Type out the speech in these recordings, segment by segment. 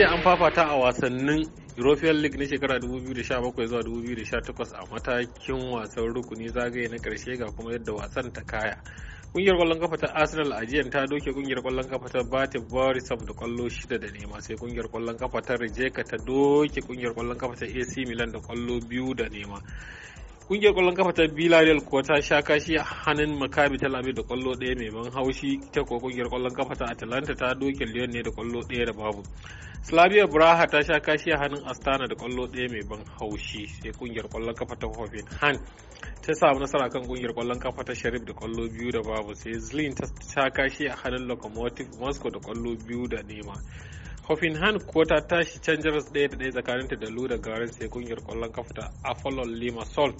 jiya an fafata a wasannin european league na shekara 2017 zuwa 2018 a matakin wasan rukuni zagaye na karshe ga kuma yadda wasan ta kaya kungiyar kwallon kafa ta arsenal a jiyan ta doke kungiyar kwallon kafa ta bate borisov da kwallo shida da nema sai kungiyar kwallon kafa ta rijeka ta doke kungiyar kwallon kafa ta ac milan da kwallo biyu da nema Kungiyar kwallon kafa ta Villarreal kuwa ta sha kashi hannun Makami ta Aviv da kwallo ɗaya mai ban haushi ta kuwa kungiyar kwallon kafa ta Atalanta ta doke Lyon ne da kwallo ɗaya da babu. Slavia Braha ta sha kashi a hannun Astana da kwallo daya mai ban haushi sai kungiyar kwallon kafa ta Hoffenheim ta samu nasara kan kungiyar kwallon kafa ta Sharif da kwallo biyu da babu sai Zlin ta sha kashi a hannun Lokomotiv Moscow da kwallo biyu da nema. Hoffenheim kuwa ta tashi can jaras ɗaya da ɗaya tsakaninta da Lu Garin sai kungiyar kwallon kafa ta Afolon Limassol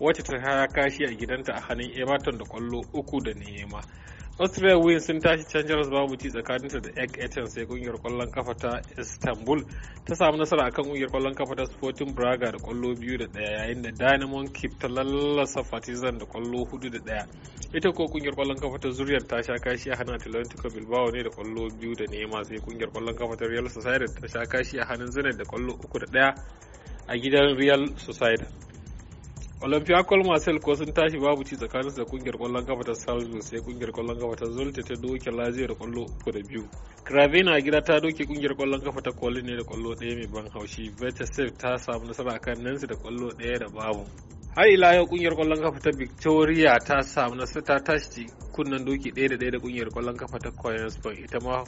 wacce ta haya kashi a gidanta a hannun everton da kwallo uku da nema australia win sun tashi canjaras babu ci ta da egg eton sai kungiyar kwallon kafa ta istanbul ta samu nasara akan kungiyar kwallon kafa ta sporting braga da kwallo biyu da daya yayin da dynamo kip ta lallasa partizan da kwallo hudu da daya ita ko kungiyar kwallon kafa ta zuriyar ta sha kashi a hannun atlantico bilbao ne da kwallo biyu da nema sai kungiyar kwallon kafa ta real society ta sha kashi a hannun zenit da kwallo uku da daya a gidan real society olympiacos marcel ko sun tashi babu ci tsakanin da kungiyar kwallon kafa ta salzburg sai kungiyar kwallon kafa ta zolte ta doke lazio da kwallo uku da biyu cravena a gida ta doke kungiyar kwallon kafa ta kwallon ne da kwallo ɗaya mai ban haushi vetasev ta samu nasara akan nancy da kwallo ɗaya da babu har ila yau kungiyar kwallon kafa ta victoria ta samu nasara ta tashi kunnen doki ɗaya da ɗaya da kungiyar kwallon kafa ta coinspon ita ma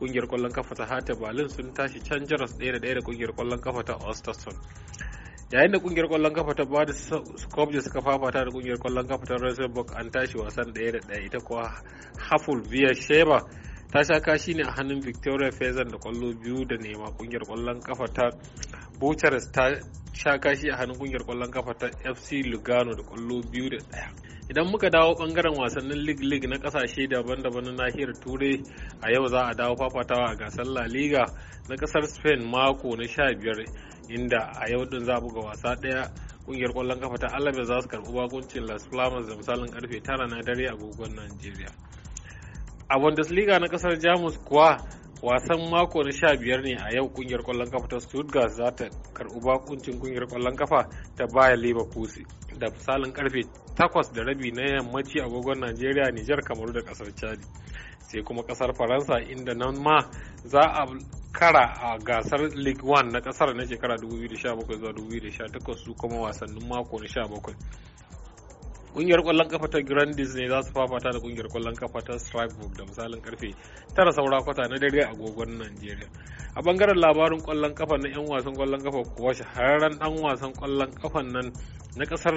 kungiyar kwallon kafa ta hata balin sun tashi can jaras ɗaya da ɗaya da kungiyar kwallon kafa ta osterson yayin da kungiyar kwallon kafa ta bada skopje suka fafata da kungiyar kwallon kafa ta rosenborg an tashi wasan daya da daya ita kuwa haful biya sheba ta sha kashi ne a hannun victoria fezan da kwallo biyu da nema kungiyar kwallon kafa ta bucharest ta sha kashi a hannun kungiyar kwallon kafa ta fc lugano da kwallo biyu da daya idan muka dawo bangaren wasannin league league na kasashe daban-daban na nahiyar turai a yau za a dawo fafatawa a gasar la liga na kasar spain mako na sha biyar inda a yau din za buga wasa daya kungiyar kwallon kafa ta alabe za su karbi bakuncin las palmas da misalin karfe tara na dare a agogon nigeria a bundesliga na kasar jamus kuwa wasan mako na sha biyar ne a yau kungiyar kwallon kafa ta stuttgart za ta karbi bakuncin kungiyar kwallon kafa ta bayer leverkusen da misalin karfe takwas da rabi na yammaci a agogon nigeria nijar kamaru da kasar chadi sai kuma kasar faransa inda nan ma za a kara a gasar league one na kasar na shekara 2017 zuwa 2018 su kuma wasannin mako na 17 kungiyar kwallon kafa ta grandis ne za su fafata da kungiyar kwallon kafa ta strasbourg da misalin karfe tara saura kwata na dare a gogon nigeria a bangaren labarin kwallon kafa na 'yan wasan kwallon kafa kuwa shahararren dan wasan kwallon kafan nan na kasar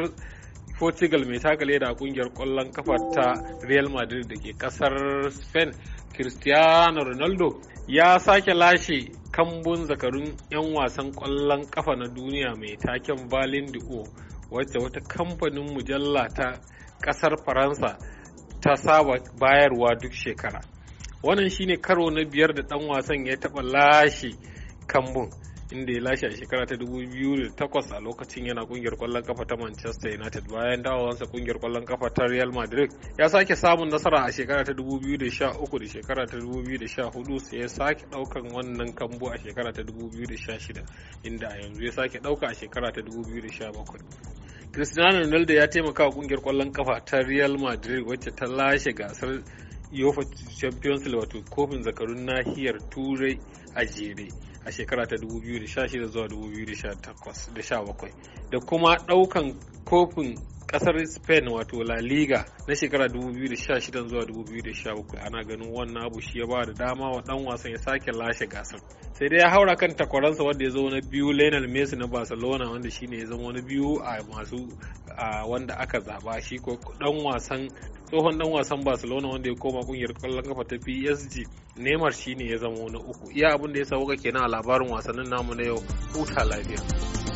portugal mai takale da kungiyar kwallon kafa ta real madrid da ke kasar spain cristiano ronaldo ya sake lashe kambun zakarun 'yan wasan kwallon kafa na duniya mai taken Ballon d'Or wacce wata kamfanin mujalla ta kasar faransa ta saba bayarwa duk shekara wannan shine karo na biyar da ɗan wasan ya taɓa lashe kambun inda ya lashe a shekara ta 2008 a lokacin yana kungiyar kwallon kafa ta Manchester United bayan dawowansa kungiyar kwallon kafa ta Real Madrid ya sake samun nasara a shekara ta 2013 da shekara ta 2014 sai ya sake daukan wannan kambo a shekara ta 2016 inda a yanzu ya sake dauka a shekara ta 2017 Cristiano Ronaldo ya taimaka wa kungiyar kwallon kafa ta Real Madrid wacce ta lashe gasar UEFA Champions League wato kofin zakarun nahiyar Turai a jere. a shekara ta 2016 zuwa 2017 da kuma ɗaukan kofin ƙasar spain wato la liga na shekara 2016 zuwa 2017 ana ganin wannan abu shi ya ba da dama wa dan wasan ya sake lashe gasar sai dai ya haura kan takwaransa wanda ya zo na biyu lionel messi na barcelona wanda shine ya zama wani biyu a masu wanda aka zaba shi ko dan wasan tsohon dan wasan barcelona wanda ya koma kungiyar kwallon kafa ta psg neymar shine ya zama na uku iya abin da ya sauka kenan a labarin wasannin namu na yau huta lafiya